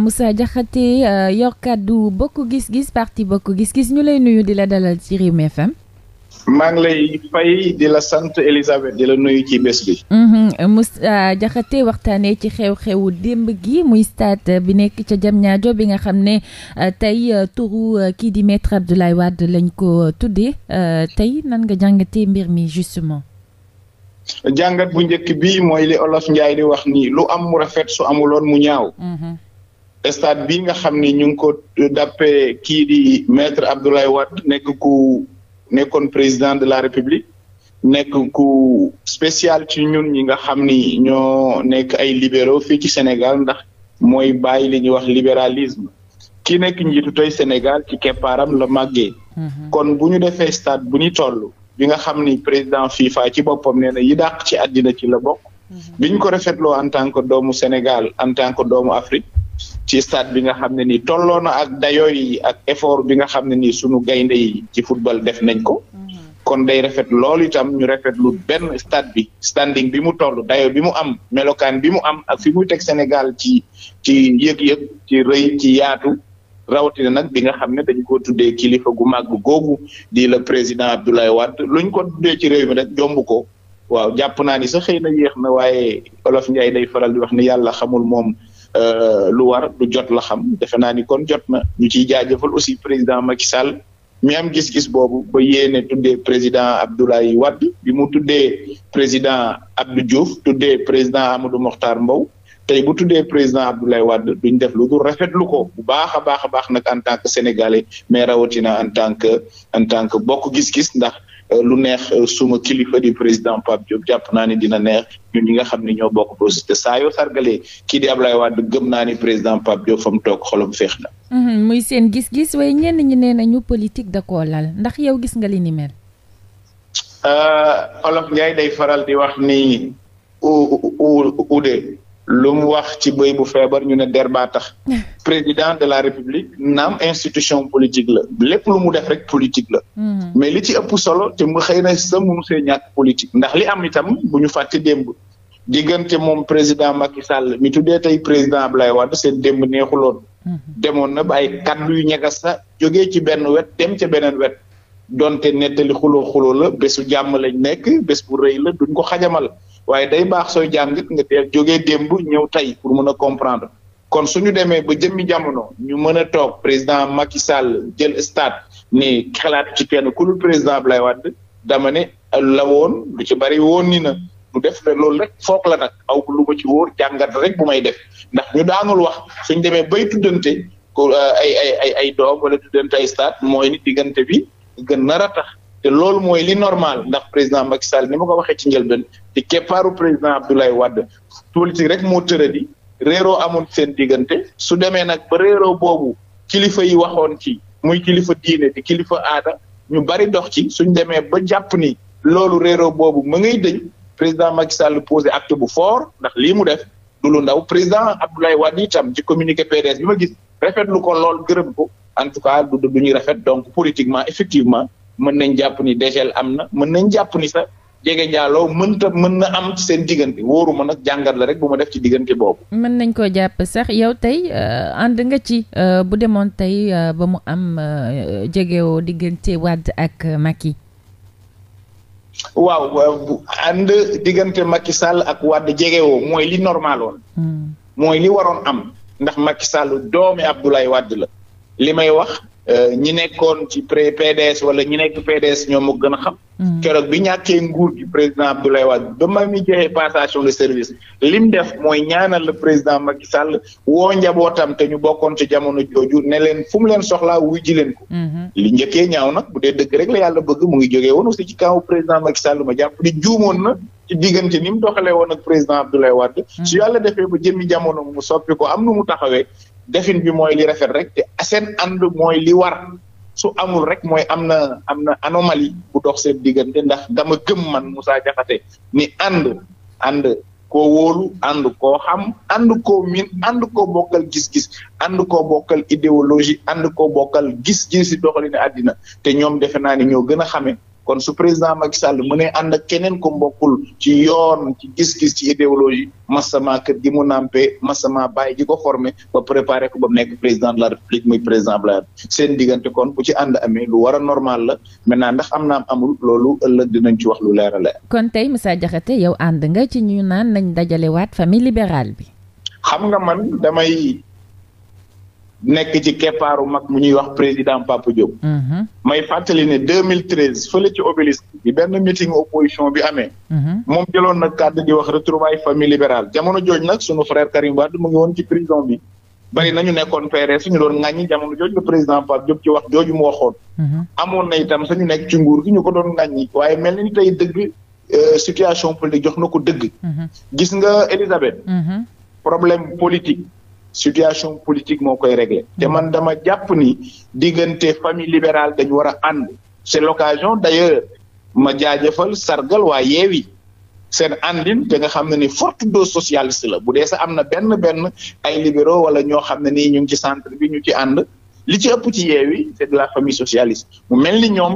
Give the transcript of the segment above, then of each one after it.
Moussa Diakhaté euh, yor bokk gis-gis parti bokk gis-gis ñu lay nuyu di la dalal ci Rewmi fam maa ngi lay fay di sant Elisabeth di nuyu ci bés bi. Mhm, Moussa Diakhaté waxtaanee ci xew-xewu démb gi muy stade bi nekk ca Diamniadio bi nga xam ne euh, tey euh, turu kii di maître Abdoulaye Wade lañ ko tuddee tey nan nga jàngatee mbir mi justement. jàngat bu njëkk bi mooy li olof Njaay di wax ni lu am mu rafet su amuloon mu ñaaw. Mhm. stade bi nga xam ni ñu ngi ko dàppee kii di maître Abdoulaye Wade nekk ku kon président de la république nekk ku spécial ci ñun ñi nga xam ni ñoo nekk ay libéraux fii ci Sénégal ndax mooy bàyyi li ñuy wax libéralisme ki nekk njiitu tey Sénégal ci keppaaram la màggee. Mhm. kon bu ñu defee stade bu ñu toll. bi nga xam ni président FIFA ci boppam nee na yi dàq ci àddina ci la bokk. Mhm. biñ ko rafetloo en tant que doomu Sénégal en tant que doomu Afrique. ci stade bi nga xam ne nii tolloo na ak dayoo yi ak effort bi nga xam ne nii sunu gaynde yi ci football def nañ ko. kon day rafet loolu itam ñu rafetlu benn stade bi standing bi mu toll dayoo bi mu am melokaan bi mu am ak fi muy teg Sénégal ci ci yëg-yëg ci rëy ci yaatu rawatina nag bi nga xam ne dañ ko tuddee kilifa gu màgg googu di la président Abdoulaye Wade luñ ko tuddee ci réew mi rek jomb ko waaw jàpp naa ni sax xëy na yéex na waaye Olof Njaay day faral di wax ne yàlla xamul moom. Euh, lu war lu jot la xam defe naa ni kon jot na ñu ciy jaajëfal aussi président Macky Sall mi am gis-gis boobu ba yéene tuddee président Abdoulaye Wade bi mu tuddee président Abdou Diouf tuddee président Amadou Mokhtar Mbow tey bu tuddee président Abdoulaye Wade duñ def lu dul rafetlu ko bu baax a baax a baax nag en tant que sénégalais mais rawatina en tant que en tant que bokk gis-gis ndax Euh, lu neex euh, suma kilifa di président Pape Diop jàpp naa ne dina neex ñun ñi nga xam ne ñoo bokk boosi te saa yoo sargalee kii di Ablaye Wade gëm naa ni président Pape Diop fa mu toog xolam feex na. Mhm, muy seen gis-gis waaye ñenn ñi nee nañu politique da koo lal ndax yow gis nga li ni mel. Euh, Olof Ndiaye day faral di wax ni. uude lu mu wax ci bëy bu feebar ñu ne der baa tax président de la république naam institution politique la lépp lu mu def rek politique la mhm. mais li ci ëpp solo te mu xëy na sa munu see ñàkk politique ndax li am itam bu ñu fàtte démb diggante moom président Macky Sall mi tuddee tey président Ablaye Wade seen démb neexuloon mhm. demoon na ba ay kaddu yu ñagas sa jógee ci benn wet dem ca beneen wet donte nettali xuloo xuloo la bésu jàmm lañ nekk bés bu rëy la duñ ko xajamal waaye day baax sooy jàng it nga teel jógee démb ñëw tey pour mën a comprendre kon suñu demee ba jëmmi jamono ñu mën a toog président Macky Sall jël stade ni xalaat ci kenn ku dul président Abdoulaye Wade dama ne la woon lu ci bari woon ni na du def ne loolu rek foog la nag aw lu ma ci wóor jàngat rek bu may def ndax ñu daanul wax suñ demee bay tuddante ko euh, ay ay ay ay doom wala tuddante ay stade mooy ni diggante bi gën nar a tax te loolu mooy li normal ndax président Macky Sall ni ma ko waxee ci njëlbeen te keppaaru président Abdoulaye Wade politique rek moo tëradi réeroo amoon seen diggante su demee nag ba réeroo boobu kilifa yi waxoon ci muy kilifa diine di kilifa aada ñu bari dox ci suñ demee ba jàpp ni loolu réeroo boobu ma ngay dëñ président Macky Sall posé acte bu fort ndax lii mu def du lu ndaw président Abdoulaye Wade itam ci communiqué PDS bi ma gis rafetlu ko lool gërëm ko en tout cas du du ñuy rafet donc politiquement effectivement mën nañ jàpp ni dégel am na mën nañ jàpp ni sax jege jaaloo mënta mën na am seen diggante wóoruma nag jàngat la rek bu ma def ci diggante boobu. mën nañ koo jàpp sax yow tey euh, ànd nga ci euh, bu demoon tey euh, ba mu am jegewoo diggante Wade ak Macky. waaw ànd diggante Macky sàll ak Wade jegewoo mooy li normal hmm. mooy li waroon am ndax Macky Sall doomi Abdoulaye Wade la li may wax. Euh, ñi nekkoon ci pré wala ñi nekk PDS ñoom moo gën a xam. Mm. keroog bi ñàkkee nguur gi président Abdoulaye Wade ba ma mi joxee passation de service lim def mooy ñaanal le président Macky sàll woo njabootam te ñu bokkoon ci jamono jooju ne leen fu mu leen soxla wuy ji leen ko. Mm-hmm. li njëkkee ñaaw nag bu dee dëgg rek yàlla bëgg mu ngi jógee woon si ci kaw président Macky Sall ma jàpp di juumoon na. ci diggante ni mu doxalee woon ak président Abdoulaye Wade. Mm-hmm. su yàlla defee ba jëmmi jamono mu soppi ko am nu mu taxawee. defin bi mooy li rafet rek te seen ànd mooy li war su amul rek mooy am na am na anomalie bu dox seen diggante ndax dama gëm man Moussa Diakhaté ni ànd ànd koo wóolu ànd koo xam ànd ko miin ànd koo bokkal gis-gis ànd koo bokkal idéologie ànd koo bokkal gis-gis si doxalin àddina te ñoom defe naa ni ñoo gën a xamee kon su président Macky Sall mu ne ànd ak keneen ko mbokkul ci yoon ci gis-gis ci idéologie masama kër gi mu nampé masama bàyyi ji ko formé ba préparé ko ba mu nekk président de la république muy président de la seen diggante kon bu ci ànd amee lu war a normal la maintenant ndax am naam amul loolu ëllëg dinañ ci wax lu leer a leer kon tey Moussa Diakhaté yow ànd nga ci ñu naan nañ dajalewaat famille libérale bi xam nga man damay nekk ci keppaaru mag mu ñuy wax président Papa Diop. Mhm. may fàttali ne 2013 fële ci obélisque bi benn meeting opposition bi amee. Mhm. moom jëloon na kàddu di wax retrouvailles famille libérale jamono jooj nag sunu frère Karim Wade mu ngi woon ci prison bi. bari nañu nekkoon PRS ñu doon ŋàññi jamono jooju le président Pape Diop ci wax jooju mu waxoon. Mhm. amoon na itam sañu nekk ci nguur gi ko doon ŋàññi waaye mel na ni tey dëgg euh, situation politique situation politique moo koy réglé te man dama jàpp ni diggante famille libérale dañu war a ànd c'est l'occasion d'ailleurs ma jaajëfal sargal waa Yewwi seen àndin te nga xam ne ni forte dose socialiste la bu dee sax am na benn benn ay libéraux wala ñoo xam ne nii ñu ngi ci centre bi ñu ci ànd li ci ëpp ci Yewwi c'est de la famille socialiste mu mel ni ñoom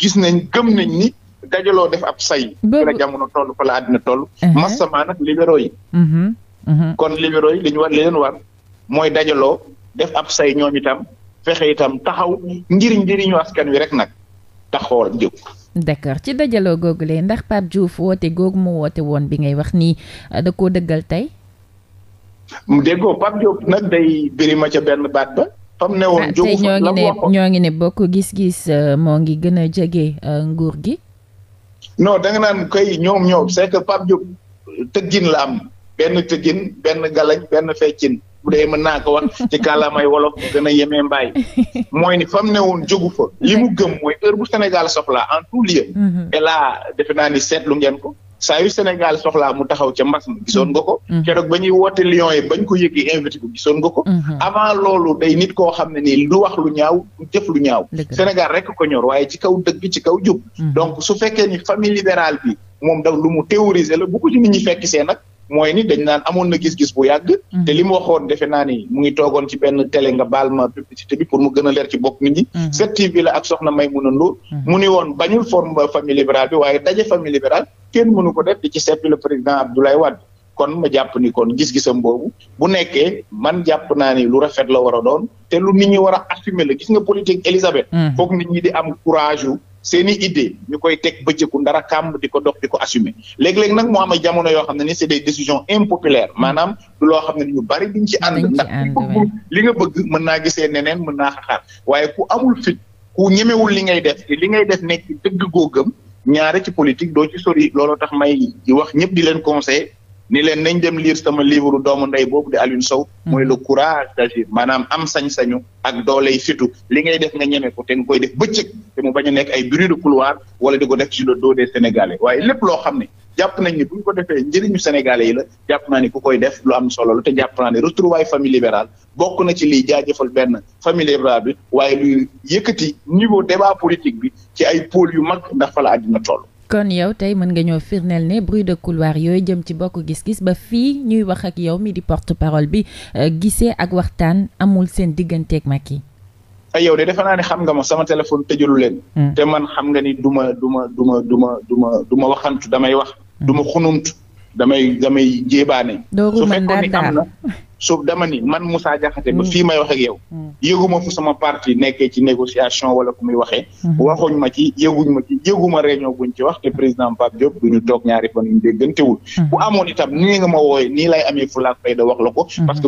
gis nañ gëm nañ ni dajaloo def ab say la jamono toll fa la àddina toll uh-huh. massament nag libéraux yi mm-hmm. Mm-hmm. kon libéraux mooy dajaloo def ab say ñoom itam fexe itam taxaw njëriñ njëriñu askan wi rek nag taxawal jëw d'accord ci dajaloo googu lee ndax Pape Diouf woote googu mu woote woon bi ngay wax nii da koo dëggal tey. déggoo Pape Diouf nag day biri ma ca benn baat ba. fam ne woon ah, jóg ñoo ngi ne ñoo bokk gis-gis euh, moo ngi gën jege euh, nguur gi. non da naan koy ñoom ñoom c'est que Pape tëggin la am benn tëggin benn galañ benn feccin. bu dee mën naa ko wax ci kàllaamay wolof bu gën a yemee mbaay mooy ni fam ne woon jógu fa li mu gëm mooy heure bu Sénégal soxlaa en tout lieu mhm. et là defe naa ni seetlu ngeen ko saa yu Sénégal soxlaa mu taxaw ca mbas mi gisoon nga ko mhm. keroog ba ñuy woote Lions yi bañ ko yëgee invité ko gisoon nga ko mhm. avant loolu day nit koo xam ne ni lu wax lu ñaaw lu jëf lu ñaaw Sénégal rek ko ñor waaye ci kaw dëgg ci kaw jub donc su fekkee ni famille libérale bi moom da lu mu théoriser la bu ko ci fekk see nag mooy ni dañ naan amoon na gis-gis bu yàgg. Mm-hmm. te li mu waxoon defe naa ni mu ngi toogoon ci benn télé nga baal ma publicité bi pour mu gën leer ci bopp nit ñi. 7TV mm-hmm. la ak soxna Maïmouna Ndour. Mm-hmm. mu ni woon bañul forme famille libérale bi waaye daje famille libérale kenn mënu ko def di ci seppi le président Abdoulaye Wade. kon ma jàpp ni kon gis-gisam boobu bu nekkee man jàpp naa ni lu rafet la war a doon te lu nit ñi war a assumer la gis nga politique Elisabeth. foog nit ñi di am courage seen i idée ñu koy teg bëccëgu ndara kàmm di ko dox di ko assumer léeg-léeg nag moo am ay jamono yoo xam ne ni c'est des décision impopulaires mm. maanaam du loo xam ne ñu bari diñ ci ànd ndax bëgg li nga bëgg mën naa gisee neneen mën naa xaar waaye ku amul fit ku ñemewul li ngay def te li ngay def nekk dëgg goo gëm ñaare ci politique doo ci sori looloo tax may wax ñëpp di leen conseil ni leen nañ dem lire sama livre doomu ndey boobu di Alioune Sow mm-hmm. mooy le courage d'agir maanaam am sañ-sañu ak doole yi surtout li ngay def nga ñeme ko te nga koy def bëccëg te mu bañ nekk ay bruit de couloir wala de ko def ci le dos des waaye lépp loo xam ne jàpp nañ ni bu ñu ko defee njëriñu sénégalais yi la jàpp naa ni ku koy def lu am solo la te jàpp naa ne retrouvaille famille libérale bokk na ci liy jaajëfal benn famille libérale bi waaye lu yëkkati niveau débat politique bi ci ay pôle yu mag ndax fa la àddina toll kon yow tey mën nga ñoo firneel ne bruit de couloir yooyu jëm ci bokk gis-gis ba fii ñuy wax ak yow mi di porte parole bi euh, gisee ak waxtaan amul seen digganteeg Macky. ay yow de defe naa ne xam nga ma sama téléphone tëjalu leen. Hmm. te man xam nga ni duma ma du ma du ma du ma du ma du ma waxantu damay wax. Hmm. du ma xunumtu damay damay jéebaane. su fekkoon ni am na sauf dama ni man Moussa Diakhaté ba mm. fii may wax ak yow. Mm. yëguma fu sama parti nekkee ci négociation wala fu muy waxee. Mm-hmm. waxuñ ma ci yëguñ ma ci yëguma réunion buñ ci wax te président Pape Diop du ñu toog ñaari fan yu déggantewul. bu mm-hmm. amoon itam nii nga ma wooyee nii lay amee fulaak fayda wax la ko. Mm-hmm. parce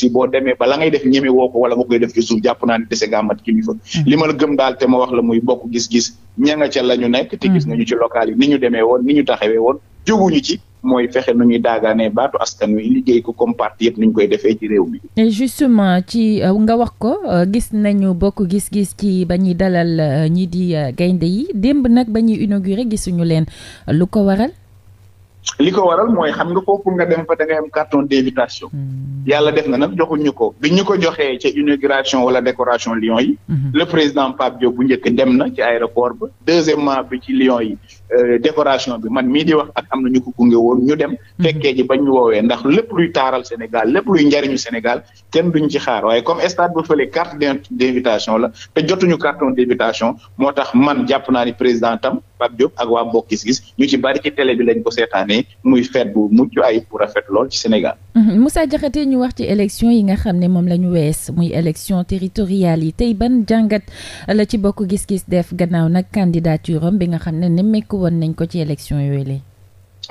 que boo demee ba la def ñeme woo ko wala def ci suuf jàpp naa ne dese gaa mat kilifa. li ma la gëm daal te ma wax la muy bokk gis-gis ña nga ca la ñu nekk. te gis nañu ci local yi ni ñu demee woon ni ñu taxawee woon jóguñu ci. mooy fexe nu ñuy daagaanee baatu askan wi liggéey ko comme parti yëpp ni koy defee ci réew mi. et justement ci euh, nga wax ko euh, gis nañu bokk gis-gis ci ba ñuy dalal euh, ñi di gaynde yi démb nag ba ñuy inauguré gisuñu leen lu ko waral. li ko waral mooy xam nga foofu nga dem fa da ngay am carton d'invitation. Hmm. yàlla def na nag joxuñu ko bi ñu ko joxee ca inauguration wala décoration Lions yi. Hmm. le président Pape Diop bu njëkk dem na ci aéroport ba. deuxièmement bi ci Lions yi Euh, décoration bi man mii di wax ak am na ñu ko gunge woon ñu dem. Mhm. fekkee ji bañ ñu woowee ndax lépp luy taaral Sénégal lépp luy njariñu Sénégal kenn duñ ci xaar waaye comme stade bu fële carte d'invitation la te jotuñu carton d'invitation moo tax man jàpp naa ne président tam Pape Diop ak waa Bokk Gis Gis ñu ci bari ci télé bi lañ ko seetaanee muy fête bu mucc ay bu rafet lool ci Sénégal. Mhm. Moussa Diakhaté ñu wax ci élection yi nga xam ne moom la ñu wees muy élection territoriale yi tey ban jàngat la ci Bokk Gis Gis def gannaaw nag candidature am woon nañ ko ci élection yooyu a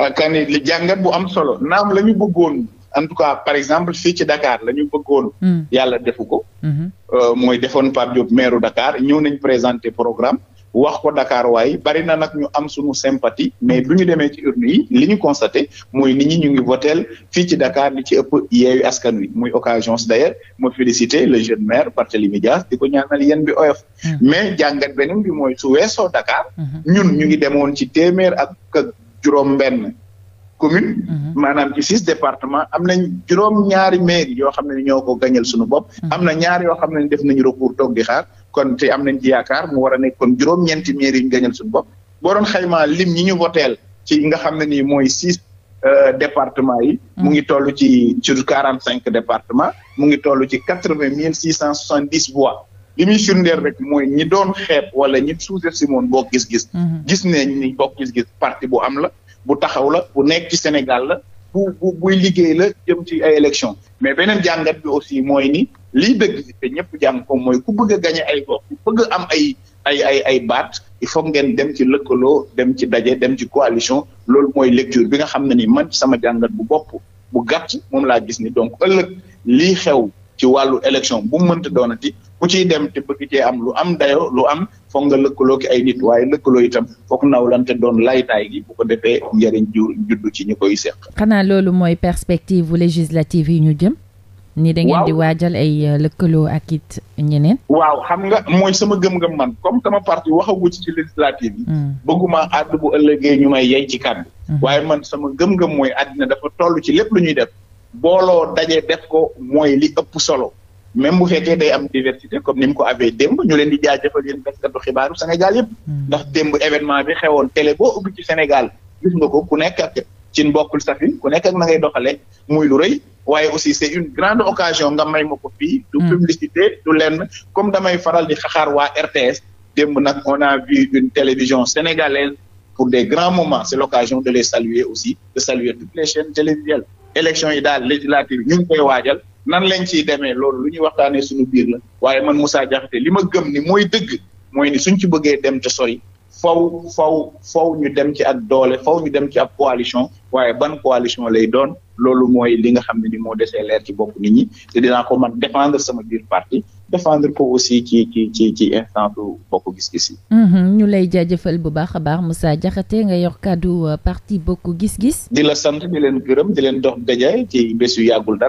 ah kan li jàngat bu am solo naam la ñu bëggoon en tout cas par exemple fii ci Dakar la bëggoon. Hmm. yàlla defu ko. Hmm. Euh, mooy defoon Pape Diop maire Dakar ñëw nañ présenter programme. wax ko Dakar waaye bari na nag ñu am suñu sympathie mais bu ñu demee ci urne yi li ñu constaté mooy nit ñi ñu ngi voteel fii ci Dakar li ci ëpp yeewi askan wi muy occasion d'ailleurs ma féliciter le jeune maire Barthélémy Dias di ko ñaanal yéen bi oyof mm. mais jàngat beneen bi mooy su weesoo Dakar mm-hmm. ñun ñu ngi demoon ci téeméer ak juróom benn communes. Mhm. maanaam ci six département am nañ juróom ñaari mairie yoo xam ne ñoo ko gañal suñu bopp. Mhm. am na ñaar yoo xam ne def nañu recours toog gi xaar kon te am nañ ci yaakaar mu war a nekk kon juróom-ñeenti mairie yu ñu gañal suñu bopp boo doon xaymaa lim ñi ñu voteel ci nga xam ne nii mooy six. Euh, département yi. Mhm. mu ngi toll ci sur quarante cinq département mu ngi toll ci quatre vingt mille six cent soixante dix voix li muy surndeer rek mooy ñi doon xeet wala ñi suuse si moon bokk gis-gis. gis ne ñi bokk gis-gis parti bu am la bu taxaw la bu nekk ci Sénégal la bu bu buy liggéey la jëm ci ay élection mais beneen jàngat bi aussi mooy ni lii dëgg te ñëpp jàng ko mooy ku bëgg a gañe ay gox ku bëgg am ay ay ay ay baat il foog ngeen dem ci lëkkaloo dem ci daje dem ci coalition loolu mooy lecture bi nga xam ne ni man ci sama jàngat bu bopp bu gàtt moom laa gis ni donc ëllëg lii xew ci wàllu élection bu mënta doonati ku ciy dem te bëgg cee am lu am dayo lu am foog nga lëkkaloo ki ay nit waaye lëkkaloo itam foog nawlante doon laytaay gi bu ko defee njëriñ ju juddu ci ñu koy seq. xanaa loolu mooy perspective législative yi ñu jëm. ni da ngeen di waajal ay euh, lëkkaloo ak it ñeneen. waaw xam nga mooy sama gëm-gëm man comme sama parti waxagu ci ci législative yi. Hmm. bëgguma àdd bu ëllëgee ñu may yey ci kàddu. Hmm. waaye man sama gëm-gëm mooy àddina dafa toll ci lépp lu ñuy def. booloo dajee def ko mooy li ëpp solo. même bu fekkee day am diversité comme ni mu ko amee démb ñu leen di jaajëfal yéen taskatu xibaaru Sénégal yëpp. Hmm. ndax démb événement bi xewoon télé boo ubbi ci Sénégal gis nga ko ku nekk ci mbokkul safin ku nekk ak na ngay doxalee muy lu rëy waaye aussi c'est une grande occasion nga may ma ko fii. du hmm. publicité du lenn comme damay faral di xaxaar waa RTS. démb nag on a une télévision sénégalaise pour des grands moments c'est l'occasion de les saluer aussi de saluer toutes les yi daal législatives ñu ngi koy waajal. nan lañ ciy demee loolu lu ñuy waxtaanee suñu biir la waaye man Moussa Diakhaté li ma gëm ni mooy dëgg mooy ni suñ ci bëggee dem te sori faw faw faw ñu dem ci ak doole faw ñu dem ci ab coalition waaye ban coalition lay doon loolu mooy li nga xam ne ni moo desee leer ci bopp nit ñi te dinaa ko man défendre sama biir parti défendre ko aussi ci ci ci ci instant bu bokk gis-gis yi. Mhm, ñu lay jaajëfal bu baax a baax Moussa Diakhaté nga yor kàddu euh, parti bokk gis-gis. di la sant di leen gërëm di leen dox daje ci bés yàggul dara.